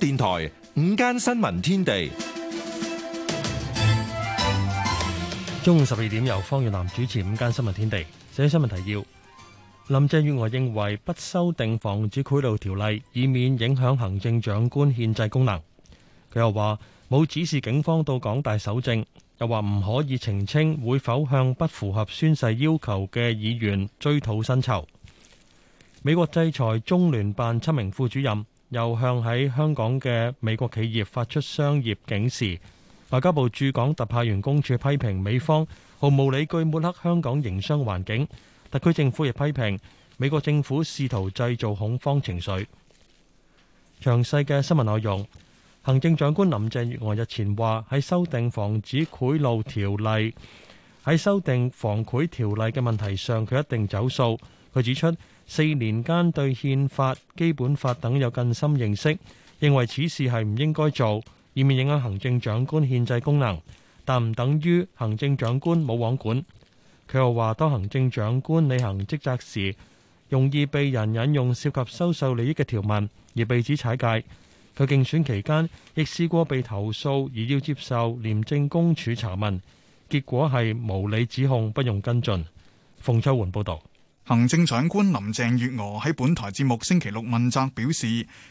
電台午間新聞天地，中午十二點由方遠南主持《午間新聞天地》。社會新聞提要：林鄭月娥認為不修訂防止賄賂條例，以免影響行政長官憲制功能。佢又話冇指示警方到港大搜證，又話唔可以澄清會否向不符合宣誓要求嘅議員追討薪酬。美國制裁中聯辦七名副主任。又向喺香港嘅美國企業發出商業警示。外交部駐港特派員公署批評美方毫無理據抹黑香港營商環境。特區政府亦批評美國政府試圖製造恐慌情緒。詳細嘅新聞內容，行政長官林鄭月娥日前話，喺修訂防止賄賂條例，喺修訂防賄條例嘅問題上，佢一定走數。佢指出。四年間對憲法、基本法等有更深認識，認為此事係唔應該做，以免影響行政長官憲制功能，但唔等於行政長官冇王管。佢又話：當行政長官履行職責時，容易被人引用涉及收受利益嘅條文而被指踩界。佢競選期間亦試過被投訴而要接受廉政公署查問，結果係無理指控，不用跟進。馮秋緩報導。行政長官林鄭月娥喺本台節目星期六問責表示，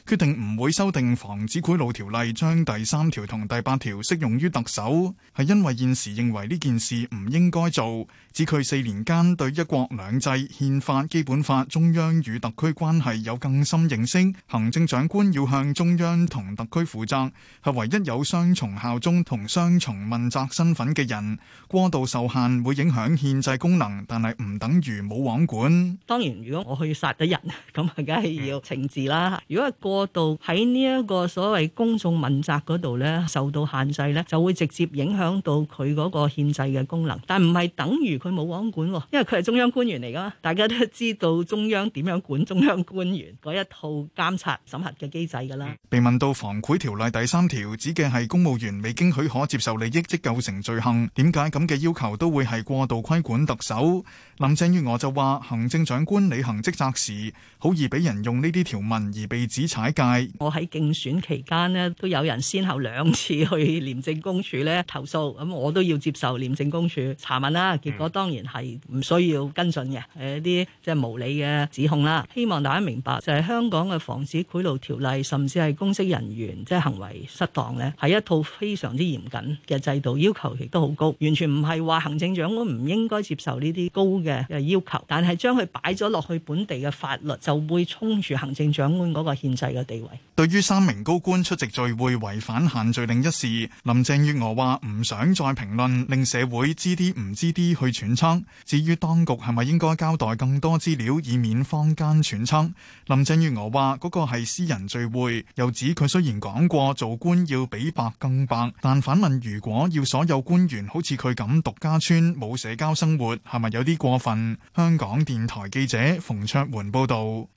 決定唔會修訂《防止賄賂條例》將第三條同第八條適用於特首，係因為現時認為呢件事唔應該做。指佢四年間對一國兩制、憲法、基本法、中央與特區關係有更深認識，行政長官要向中央同特區負責，係唯一有雙重效忠同雙重問責身份嘅人。過度受限會影響憲制功能，但係唔等於冇網管。嗯，當然，如果我去殺咗人，咁啊，梗係要懲治啦。如果係過度喺呢一個所謂公眾問責嗰度咧，受到限制咧，就會直接影響到佢嗰個憲制嘅功能。但唔係等於佢冇王管喎，因為佢係中央官員嚟噶，大家都知道中央點樣管中央官員嗰一套監察審核嘅機制噶啦。被問到《防賄條例》第三條指嘅係公務員未經許可接受利益即構成罪行，點解咁嘅要求都會係過度規管特首？林鄭月娥就話：行政長官履行職責時，好易俾人用呢啲條文而被指踩界。我喺競選期間咧，都有人先後兩次去廉政公署咧投訴，咁、嗯、我都要接受廉政公署查問啦。結果當然係唔需要跟進嘅，係一啲即係無理嘅指控啦。希望大家明白，就係、是、香港嘅防止賄賂條例，甚至係公職人員即係、就是、行為失當呢，係一套非常之嚴謹嘅制度，要求亦都好高，完全唔係話行政長官唔應該接受呢啲高嘅要求，但係將將佢擺咗落去本地嘅法律，就會衝住行政長官嗰個憲制嘅地位。對於三名高官出席聚會違反限聚令一事，林鄭月娥話唔想再評論，令社會知啲唔知啲去揣測。至於當局係咪應該交代更多資料，以免坊間揣測？林鄭月娥話嗰個係私人聚會，又指佢雖然講過做官要比白更白，但反問如果要所有官員好似佢咁獨家村冇社交生活，係咪有啲過分？香港。電台記者馮卓桓報道，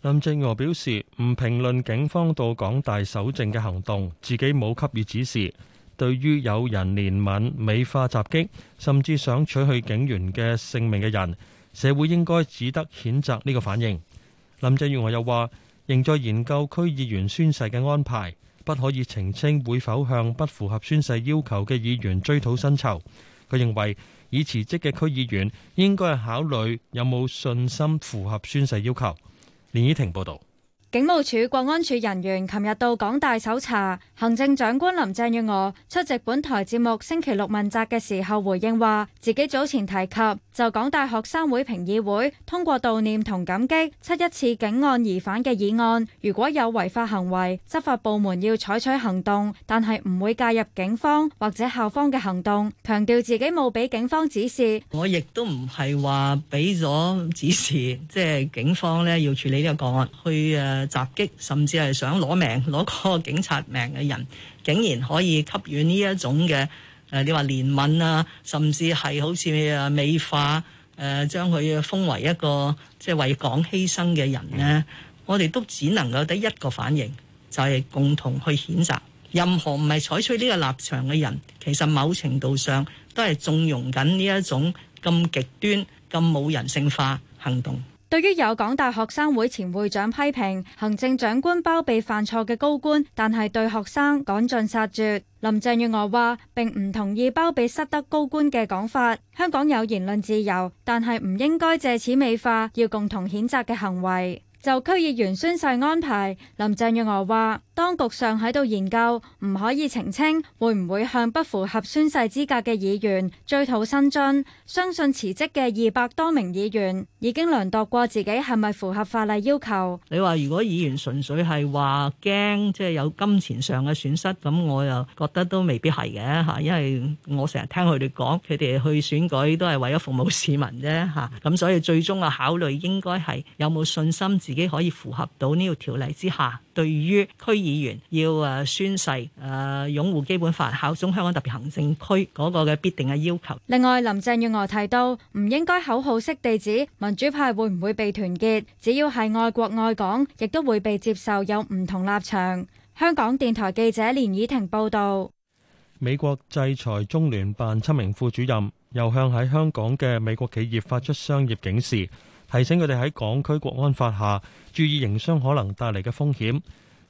林鄭月娥表示唔評論警方到港大搜證嘅行動，自己冇給予指示。對於有人憐憫美化襲擊，甚至想取去警員嘅性命嘅人，社會應該只得譴責呢個反應。林鄭月娥又話仍在研究區議員宣誓嘅安排，不可以澄清會否向不符合宣誓要求嘅議員追討薪酬。佢認為。已辭職嘅區議員應該係考慮有冇信心符合宣誓要求。連依婷報導。警務處國安處人員琴日到港大搜查，行政長官林鄭月娥出席本台節目《星期六問責》嘅時候回應話，自己早前提及就港大學生會評議會通過悼念同感激七一次警案疑犯嘅議案，如果有違法行為，執法部門要採取行動，但係唔會介入警方或者校方嘅行動。強調自己冇俾警方指示，我亦都唔係話俾咗指示，即係警方呢要處理呢個個案去啊襲擊甚至係想攞命攞個警察命嘅人，竟然可以給予呢一種嘅，誒，你話憐憫啊，甚至係好似美化誒，將、呃、佢封為一個即係、就是、為港犧牲嘅人呢、嗯。我哋都只能夠得一個反應，就係、是、共同去譴責任何唔係採取呢個立場嘅人，其實某程度上都係縱容緊呢一種咁極端、咁冇人性化行動。對於有港大學生會前會長批評行政長官包庇犯錯嘅高官，但係對學生趕盡殺絕，林鄭月娥話並唔同意包庇失德高官嘅講法。香港有言論自由，但係唔應該借此美化要共同譴責嘅行為。就區議員宣誓安排，林鄭月娥話當局上喺度研究，唔可以澄清會唔會向不符合宣誓資格嘅議員追討薪津。相信辭職嘅二百多名議員已經量度過自己係咪符合法例要求。你話如果議員純粹係話驚，即係有金錢上嘅損失，咁我又覺得都未必係嘅吓，因為我成日聽佢哋講，佢哋去選舉都係為咗服務市民啫吓，咁所以最終啊考慮應該係有冇信心自。自己可以符合到呢個條例之下，對於區議員要誒宣誓誒擁護基本法、效忠香港特別行政區嗰個嘅必定嘅要求。另外，林鄭月娥提到，唔應該口號式地址民主派會唔會被團結，只要係愛國愛港，亦都會被接受，有唔同立場。香港電台記者連倚婷報道。美國制裁中聯辦七名副主任，又向喺香港嘅美國企業發出商業警示。提醒佢哋喺港區國安法下注意營商可能帶嚟嘅風險。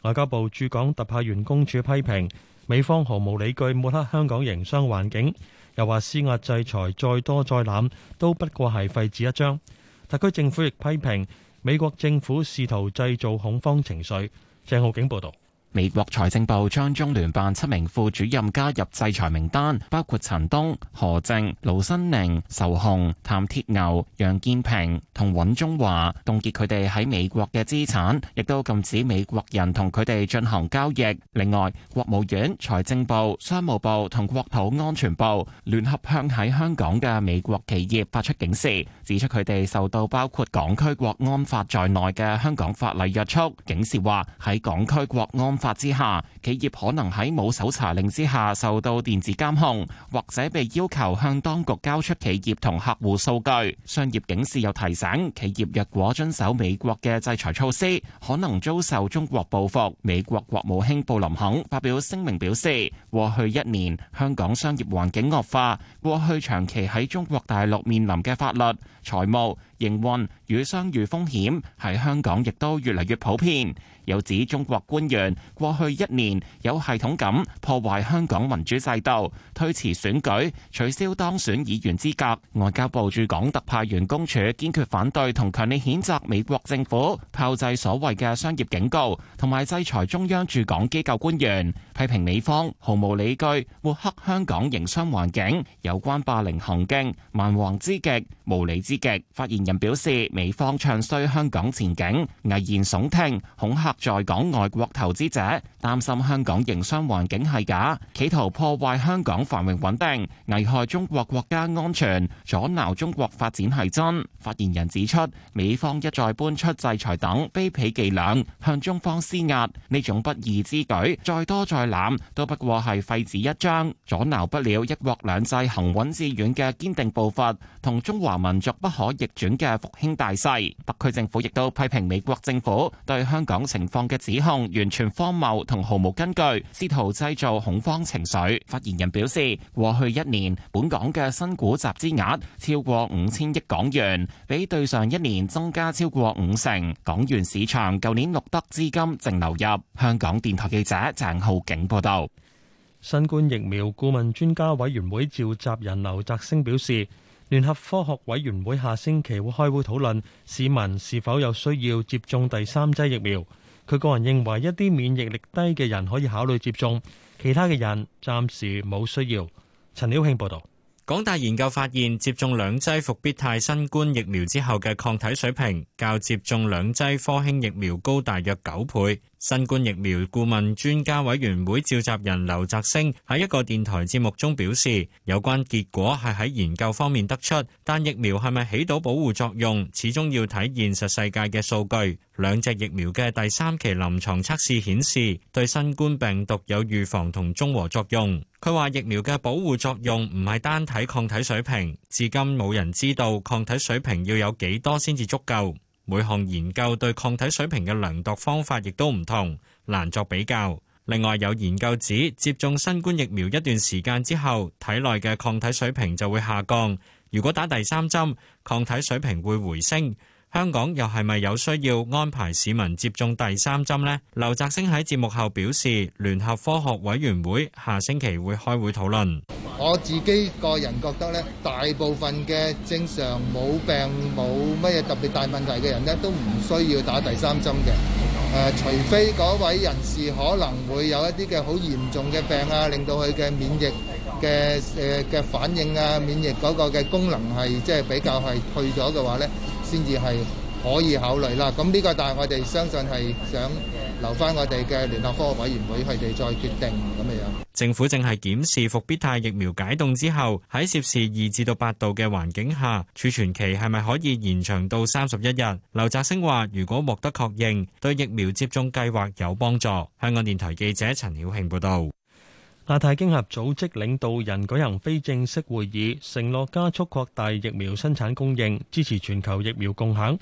外交部駐港特派員公署批評美方毫無理據抹黑香港營商環境，又話施壓制裁再多再濫都不過係廢紙一張，特區政府亦批評美國政府試圖製造恐慌情緒，鄭浩景報道。美國財政部將中聯辦七名副主任加入制裁名單，包括陳東、何靖、盧新寧、仇紅、譚鐵牛、楊建平同尹中華，凍結佢哋喺美國嘅資產，亦都禁止美國人同佢哋進行交易。另外，國務院、財政部、商務部同國土安全部聯合向喺香港嘅美國企業發出警示，指出佢哋受到包括港區國安法在內嘅香港法例約束。警示話喺港區國安。法之下，企業可能喺冇搜查令之下受到電子監控，或者被要求向當局交出企業同客戶數據。商業警示又提醒企業，若果遵守美國嘅制裁措施，可能遭受中國報復。美國國務卿布林肯發表聲明表示，過去一年香港商業環境惡化，過去長期喺中國大陸面臨嘅法律、財務。營運與商譽風險喺香港亦都越嚟越普遍。有指中國官員過去一年有系統咁破壞香港民主制度，推遲選舉，取消當選議員資格。外交部駐港特派員公署堅決反對同強烈譴責美國政府炮製所謂嘅商業警告，同埋制裁中央駐港機構官員，批評美方毫無理據，抹黑香港營商環境，有關霸凌行徑，蠻橫之極，無理之極，發現。人表示，美方唱衰香港前景，危言聳聽，恐嚇在港外國投資者，擔心香港營商環境係假，企圖破壞香港繁榮穩定，危害中國國家安全，阻撓中國發展係真。發言人指出，美方一再搬出制裁等卑鄙伎倆，向中方施壓，呢種不義之舉，再多再濫，都不過係廢紙一張，阻撓不了一國兩制行穩致遠嘅堅定步伐，同中華民族不可逆轉嘅復興大勢，特區政府亦都批評美國政府對香港情況嘅指控完全荒謬同毫無根據，試圖製造恐慌情緒。發言人表示，過去一年本港嘅新股集資額超過五千億港元，比對上一年增加超過五成。港元市場舊年錄得資金淨流入。香港電台記者鄭浩景報道。新冠疫苗顧問專家委員會召集人劉澤星表示。聯合科學委員會下星期會開會討論市民是否有需要接種第三劑疫苗。佢個人認為一啲免疫力低嘅人可以考慮接種，其他嘅人暫時冇需要。陳曉慶報道：「港大研究發現接種兩劑復必泰新冠疫苗之後嘅抗體水平，較接種兩劑科興疫苗高大約九倍。新冠疫苗顧問專家委員會召集人劉澤星喺一個電台節目中表示，有關結果係喺研究方面得出，但疫苗係咪起到保護作用，始終要睇現實世界嘅數據。兩隻疫苗嘅第三期臨床測試顯示，對新冠病毒有預防同中和作用。佢話疫苗嘅保護作用唔係單體抗體水平，至今冇人知道抗體水平要有幾多先至足夠。每項研究對抗體水平嘅量度方法亦都唔同，難作比較。另外，有研究指，接種新冠疫苗一段時間之後，體內嘅抗體水平就會下降。如果打第三針，抗體水平會回升。香港又係咪有需要安排市民接種第三針呢？劉澤星喺節目後表示，聯合科學委員會下星期會開會討論。我自己個人覺得咧，大部分嘅正常冇病冇乜嘢特別大問題嘅人咧，都唔需要打第三針嘅。誒、呃，除非嗰位人士可能會有一啲嘅好嚴重嘅病啊，令到佢嘅免疫嘅嘅、呃、反應啊，免疫嗰個嘅功能係即係比較係退咗嘅話咧，先至係可以考慮啦。咁呢個，但係我哋相信係想。留翻我哋嘅聯合科學委員會，佢哋再決定咁嘅樣。政府正係檢視復必泰疫苗解凍之後，喺攝氏二至到八度嘅環境下，儲存期係咪可以延長到三十一日？劉澤星話：如果獲得確認，對疫苗接種計劃有幫助。香港電台記者陳曉慶報道。亞太經合組織領導人舉行非正式會議，承諾加速擴大疫苗生產供應，支持全球疫苗共享。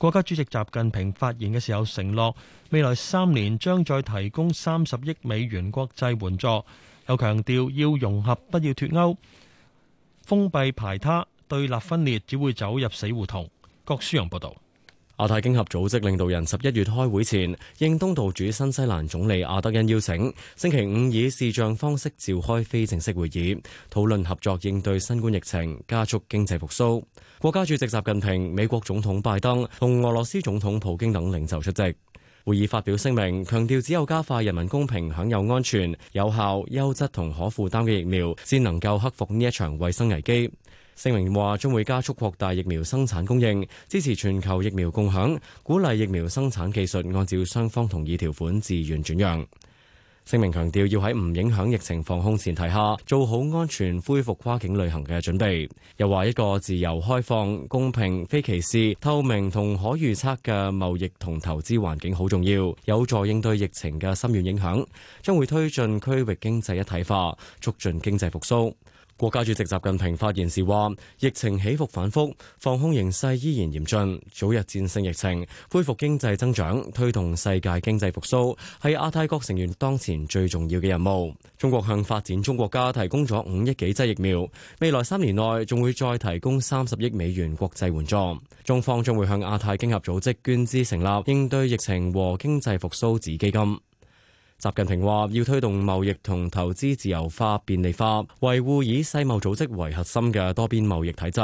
國家主席習近平發言嘅時候承諾，未來三年將再提供三十億美元國際援助，又強調要融合，不要脫鉤，封閉排他、對立分裂，只會走入死胡同。郭舒揚報導。亞太經合組織領導人十一月開會前，應東道主新西蘭總理阿德恩邀請，星期五以視像方式召開非正式會議，討論合作應對新冠疫情、加速經濟復蘇。國家主席習近平、美國總統拜登同俄羅斯總統普京等領袖出席。會議發表聲明，強調只有加快人民公平、享有安全、有效、優質同可負擔嘅疫苗，先能夠克服呢一場衛生危機。聲明話將會加速擴大疫苗生產供應，支持全球疫苗共享，鼓勵疫苗生產技術按照雙方同意條款自願轉讓。聲明強調要喺唔影響疫情防控前提下，做好安全恢復跨境旅行嘅準備。又話一個自由開放、公平、非歧視、透明同可預測嘅貿易同投資環境好重要，有助應對疫情嘅深遠影響。將會推進區域經濟一體化，促進經濟復甦。國家主席習近平發言時話，疫情起伏反覆，防控形勢依然嚴峻，早日戰勝疫情、恢復經濟增長、推動世界經濟復甦，係亞太國成員當前最重要嘅任務。中國向發展中國家提供咗五億幾劑疫苗，未來三年內仲會再提供三十億美元國際援助。中方將會向亞太經合組織捐資成立應對疫情和經濟復甦子基金。習近平話：要推動貿易同投資自由化便利化，維護以世貿組織為核心嘅多邊貿易體制；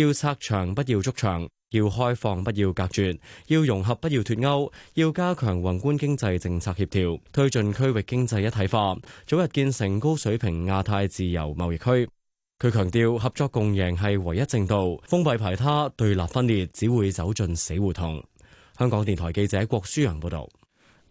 要拆牆，不要築牆；要開放，不要隔絕；要融合，不要脫鈎；要加強宏觀經濟政策協調，推進區域經濟一體化，早日建成高水平亞太自由貿易區。佢強調：合作共贏係唯一正道，封閉排他、對立分裂只會走進死胡同。香港電台記者郭書陽報道。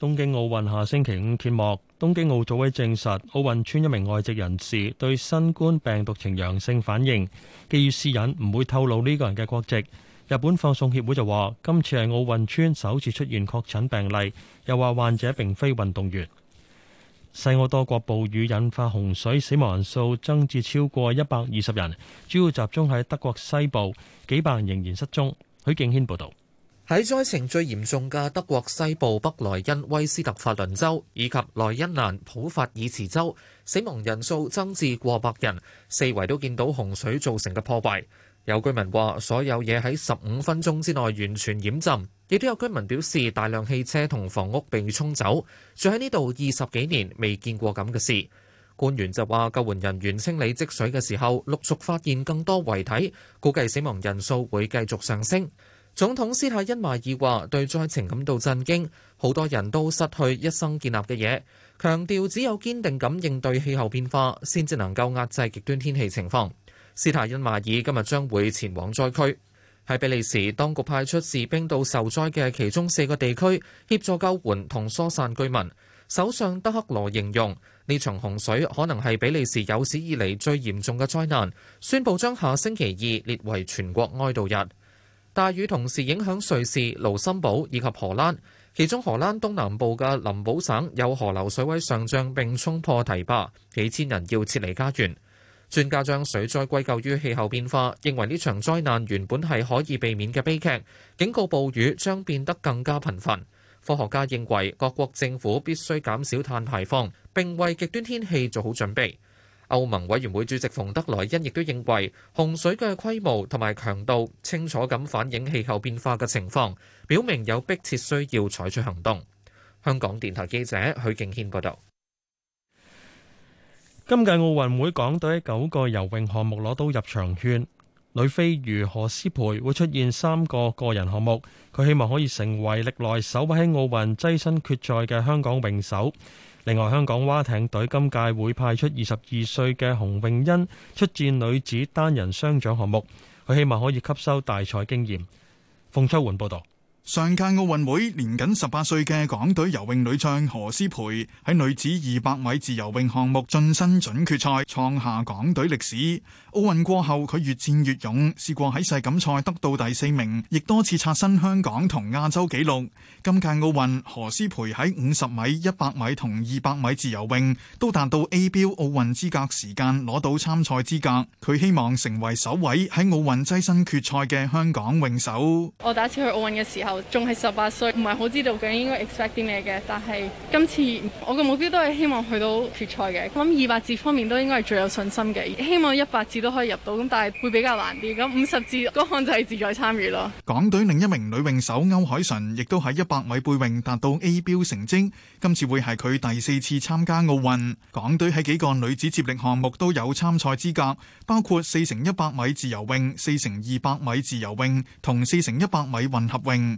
東京奧運下星期五揭幕。東京奧組委證實，奧運村一名外籍人士對新冠病毒呈陽性反應，基於私隱，唔會透露呢個人嘅國籍。日本放送協會就話，今次係奧運村首次出現確診病例，又話患者並非運動員。西歐多國暴雨引發洪水，死亡人數增至超過一百二十人，主要集中喺德國西部，幾百人仍然失蹤。許敬軒報道。喺災情最嚴重嘅德國西部北萊茵威斯特法倫州以及萊茵蘭普法爾茨州，死亡人數增至過百人。四圍都見到洪水造成嘅破壞。有居民話：所有嘢喺十五分鐘之內完全淹浸。亦都有居民表示，大量汽車同房屋被沖走。住喺呢度二十幾年，未見過咁嘅事。官員就話：救援人員清理積水嘅時候，陸續發現更多遺體，估計死亡人數會繼續上升。總統斯泰恩馬爾話：對災情感到震驚，好多人都失去一生建立嘅嘢。強調只有堅定咁應對氣候變化，先至能夠壓制極端天氣情況。斯泰恩馬爾今日將會前往災區。喺比利時，當局派出士兵到受災嘅其中四個地區協助救援同疏散居民。首相德克羅形容呢場洪水可能係比利時有史以嚟最嚴重嘅災難，宣佈將下星期二列為全國哀悼日。大雨同時影響瑞士、盧森堡以及荷蘭，其中荷蘭東南部嘅林堡省有河流水位上漲並衝破堤壩，幾千人要撤離家園。專家將水災歸咎於氣候變化，認為呢場災難原本係可以避免嘅悲劇，警告暴雨將變得更加頻繁。科學家認為各國政府必須減少碳排放並為極端天氣做好準備。歐盟委員會主席馮德萊恩亦都認為洪水嘅規模同埋強度清楚咁反映氣候變化嘅情況，表明有迫切需要採取行動。香港電台記者許敬軒報道。今屆奧運會，港隊喺九個游泳項目攞到入場券，女飛魚何詩蓓會出現三個個人項目，佢希望可以成為歷來首位喺奧運躋身決賽嘅香港泳手。另外，香港蛙艇隊今屆會派出二十二歲嘅洪詠欣出戰女子單人雙槳項目，佢希望可以吸收大賽經驗。馮秋媛報道。上屆奧運會年僅十八歲嘅港隊游泳女將何詩蓓喺女子二百米自由泳項目晉身準決賽，創下港隊歷史。奧運過後佢越戰越勇，試過喺世錦賽得到第四名，亦多次刷新香港同亞洲紀錄。今屆奧運，何詩蓓喺五十米、一百米同二百米自由泳都達到 A 標奧運資格時間，攞到參賽資格。佢希望成為首位喺奧運躋身決賽嘅香港泳手。我第一次去奧運嘅時候。仲係十八歲，唔係好知道究竟應該 expect 啲咩嘅。但係今次我嘅目標都係希望去到決賽嘅。我諗二百字方面都應該係最有信心嘅，希望一百字都可以入到。咁但係會比較難啲。咁五十字嗰項就係自在參與咯。港隊另一名女泳手歐鎧淳，亦都喺一百米背泳達到 A 標成績。今次會係佢第四次參加奧運。港隊喺幾個女子接力項目都有參賽資格，包括四乘一百米自由泳、四乘二百米自由泳同四乘一百米混合泳。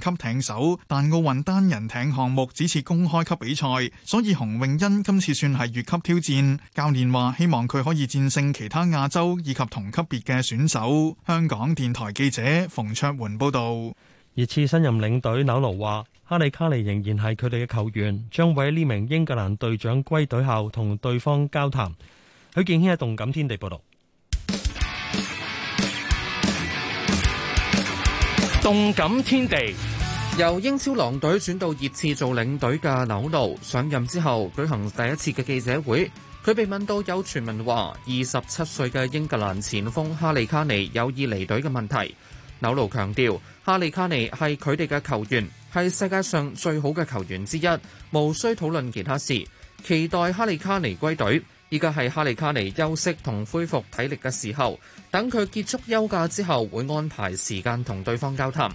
級艇手，但奧運單人艇項目只設公開級比賽，所以洪詠欣今次算係越級挑戰。教練話希望佢可以戰勝其他亞洲以及同級別嘅選手。香港電台記者馮卓桓報道。熱刺新任領隊紐盧話，哈利卡尼仍然係佢哋嘅球員，將會喺呢名英格蘭隊長歸隊後同對方交談。許建謙喺動感天地報道。動感天地，由英超狼隊轉到熱刺做領隊嘅紐奴上任之後舉行第一次嘅記者會，佢被問到有傳聞話二十七歲嘅英格蘭前鋒哈利卡尼有意離隊嘅問題，紐奴強調哈利卡尼係佢哋嘅球員，係世界上最好嘅球員之一，無需討論其他事，期待哈利卡尼歸隊。依家係哈利卡尼休息同恢復體力嘅時候，等佢結束休假之後，會安排時間同對方交談。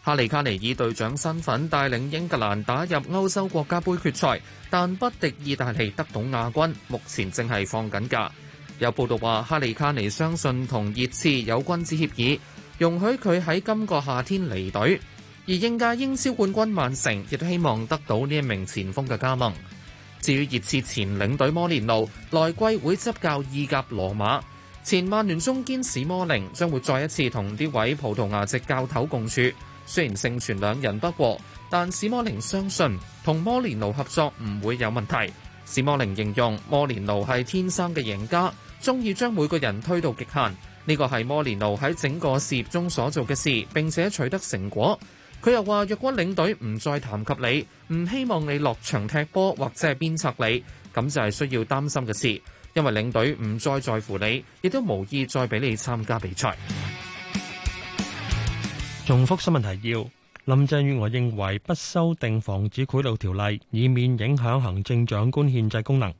哈利卡尼以隊長身份帶領英格蘭打入歐洲國家盃決賽，但不敵意大利得到亞軍。目前正係放緊假。有報道話，哈利卡尼相信同熱刺有君子協議，容許佢喺今個夏天離隊。而應屆英超冠軍曼城亦都希望得到呢一名前鋒嘅加盟。至於熱刺前領隊摩連奴，來季會執教意甲羅馬。前曼聯中堅史摩寧將會再一次同呢位葡萄牙籍教頭共處。雖然盛傳兩人不和，但史摩寧相信同摩連奴合作唔會有問題。史摩寧形容摩連奴係天生嘅贏家，鍾意將每個人推到極限。呢個係摩連奴喺整個事業中所做嘅事，並且取得成果。佢又話：若果領隊唔再談及你，唔希望你落場踢波或者係鞭策你，咁就係需要擔心嘅事，因為領隊唔再在乎你，亦都無意再俾你參加比賽。重複新聞提要：林鄭月娥認為不修訂防止賄賂條例，以免影響行政長官憲制功能。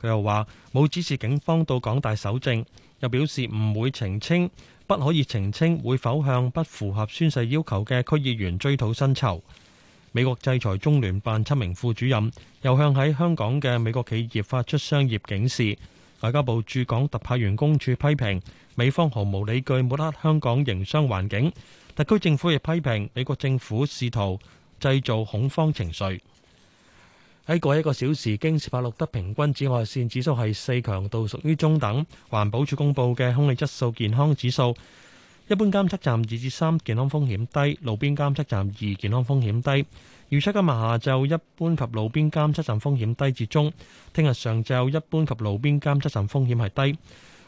佢又話冇指示警方到港大搜證，又表示唔會澄清。不可以澄清會否向不符合宣誓要求嘅區議員追討薪酬？美國制裁中聯辦七名副主任，又向喺香港嘅美國企業發出商業警示。外交部駐港特派員公署批評美方毫無理據抹黑香港營商環境，特區政府亦批評美國政府試圖製造恐慌情緒。喺過一個小時，經測法錄得平均紫外線指數係四強度，屬於中等。環保署公布嘅空氣質素健康指數，一般監測站二至三，健康風險低；路邊監測站二，健康風險低。預測今日下晝一般及路邊監測站風險低至中。聽日上晝一般及路邊監測站風險係低。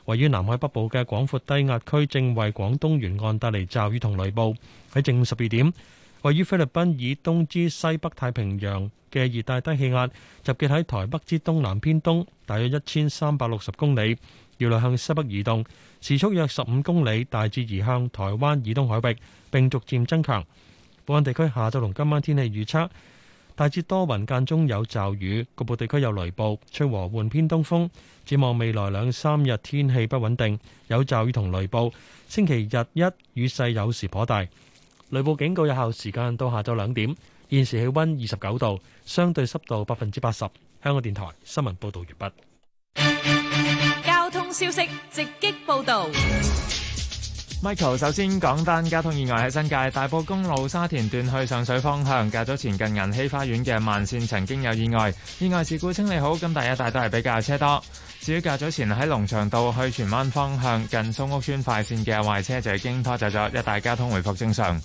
位於南海北部嘅廣闊低壓區正為廣東沿岸帶嚟驟雨同雷暴。喺正午十二點。位於菲律賓以東之西北太平洋嘅熱帶低氣壓，集結喺台北之東南偏東，大約一千三百六十公里，要嚟向西北移動，時速約十五公里，大致移向台灣以東海域並逐漸增強。本港地區下晝同今晚天氣預測，大致多雲間中有驟雨，局部地區有雷暴，吹和緩偏東風。展望未來兩三日天氣不穩定，有驟雨同雷暴，星期日一雨勢有時頗大。雷暴警告有效時間到下晝兩點。現時氣温二十九度，相對濕度百分之八十。香港電台新聞報道完畢。交通消息直擊報道。Michael 首先講單交通意外喺新界大埔公路沙田段去上水方向，較早前近銀禧花園嘅慢線曾經有意外，意外事故清理好，咁第一帶都係比較車多。至於較早前喺龍翔道去荃灣方向近宋屋村快線嘅壞車，就已經拖走咗，一帶交通回復正常。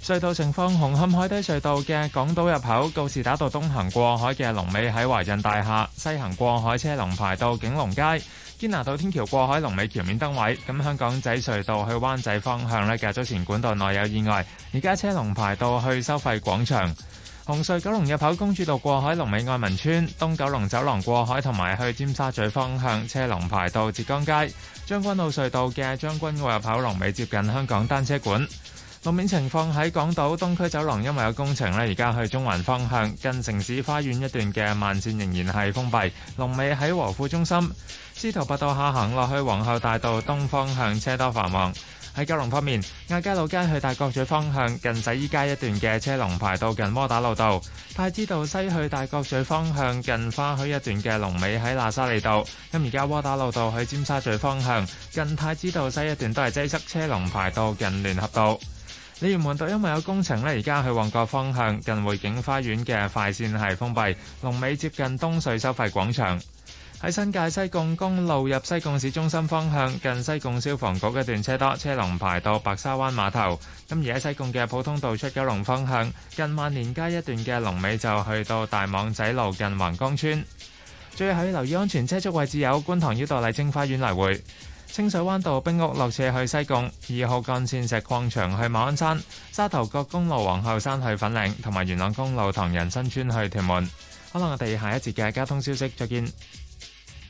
隧道情況，紅磡海底隧道嘅港島入口告士打道東行過海嘅龍尾喺華潤大廈，西行過海車龍排到景隆街。堅拿道天橋過海龍尾橋面燈位。咁香港仔隧道去灣仔方向呢，較早前管道內有意外，而家車龍排到去收費廣場。紅隧九龍入口公主道過海，龍尾愛民村；東九龍走廊過海同埋去尖沙咀方向車龍排到浙江街。將軍澳隧道嘅將軍澳入口龍尾接近香港單車館。路面情況喺港島東區走廊，因為有工程呢，而家去中環方向近城市花園一段嘅慢線仍然係封閉。龍尾喺和富中心。司徒拔道下行落去皇后大道東方向車多繁忙。喺九龍方面，亞皆老街去大角咀方向近洗衣街一段嘅車龍排到近窩打路道；太子道西去大角咀方向近花墟一段嘅龍尾喺喇沙利道。咁而家窩打路道去尖沙咀方向近太子道西一段都係擠塞，車龍排到近聯合道。鯉魚門道因為有工程呢，而家去旺角方向近匯景花園嘅快線係封閉，龍尾接近東隧收費廣場。喺新界西貢公路入西貢市中心方向，近西貢消防局一段車多，車龍排到白沙灣碼頭。咁而喺西貢嘅普通道出九龍方向，近萬年街一段嘅龍尾就去到大網仔路近橫江村。最後要留意安全車速位置有觀塘繞道麗晶花園來回，清水灣道冰屋落斜去西貢，二號幹線石礦場去馬鞍山，沙頭角公路皇后山去粉嶺，同埋元朗公路唐人新村去屯門。可能我哋下一節嘅交通消息再見。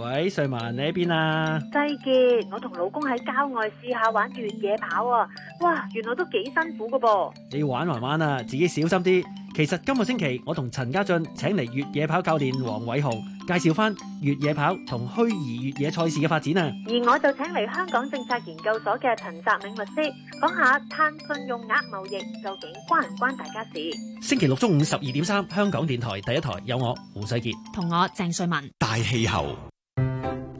喂，瑞文，你喺邊啊？世杰，我同老公喺郊外試下玩越野跑啊！哇，原來都幾辛苦噶噃！你玩玩玩啦，自己小心啲。其實今個星期我同陳家俊請嚟越野跑教練黃偉雄介紹翻越野跑同虛擬越野賽事嘅發展啊！而我就請嚟香港政策研究所嘅陳澤明律師講下碳信用額貿易究竟關唔關大家事？星期六中午十二點三，香港電台第一台有我胡世杰同我鄭瑞文大氣候。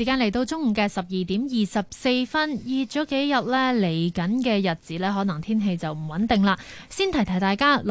時間嚟到中午嘅十二點二十四分，熱咗幾日咧，嚟緊嘅日子咧，可能天氣就唔穩定啦。先提提大家。